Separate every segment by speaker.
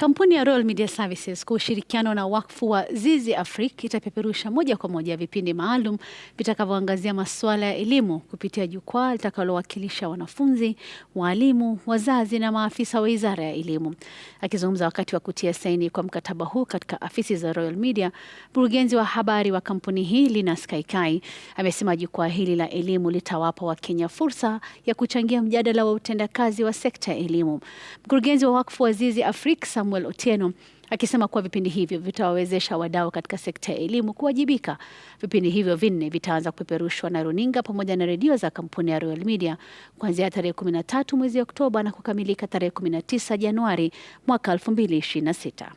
Speaker 1: Kampuni ya Royal Media Services kwa ushirikiano na wakfu wa Zizi Afrika itapeperusha moja kwa moja vipindi maalum vitakavyoangazia masuala ya elimu kupitia jukwaa litakalowakilisha wanafunzi, waalimu, wazazi na maafisa wa Wizara ya Elimu. Akizungumza wakati wa kutia saini kwa mkataba huu katika afisi za Royal Media, mkurugenzi wa habari wa kampuni hii Linus Kaikai amesema jukwaa hili la elimu litawapa Wakenya fursa ya kuchangia mjadala wa utendakazi wa sekta ya elimu. Mkurugenzi wa wakfu wa Zizi Afrika Samuel Otieno akisema kuwa vipindi hivyo vitawawezesha wadau katika sekta ya elimu kuwajibika. Vipindi hivyo vinne vitaanza kupeperushwa na runinga pamoja na redio za kampuni ya Royal Media kuanzia tarehe 13 mwezi Oktoba na kukamilika tarehe 19 Januari mwaka 2026.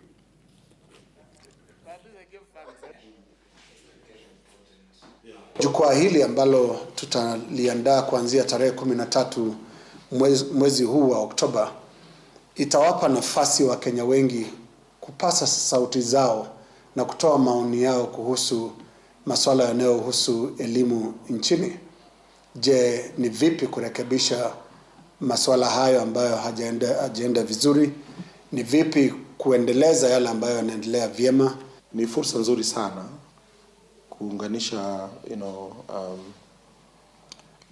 Speaker 2: Jukwaa hili ambalo tutaliandaa kuanzia tarehe 13 mwezi, mwezi huu wa Oktoba itawapa nafasi Wakenya wengi kupasa sauti zao na kutoa maoni yao kuhusu masuala yanayohusu elimu nchini. Je, ni vipi kurekebisha masuala hayo ambayo hajaenda, ajenda vizuri? Ni vipi kuendeleza yale ambayo yanaendelea vyema?
Speaker 3: Ni fursa nzuri sana kuunganisha you know, um,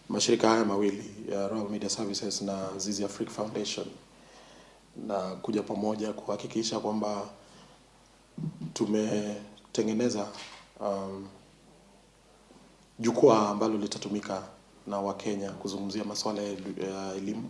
Speaker 3: mashirika haya mawili ya Royal Media Services na Zizi Africa Foundation na kuja pamoja kuhakikisha kwamba tumetengeneza um, jukwaa ambalo litatumika na Wakenya kuzungumzia masuala ya elimu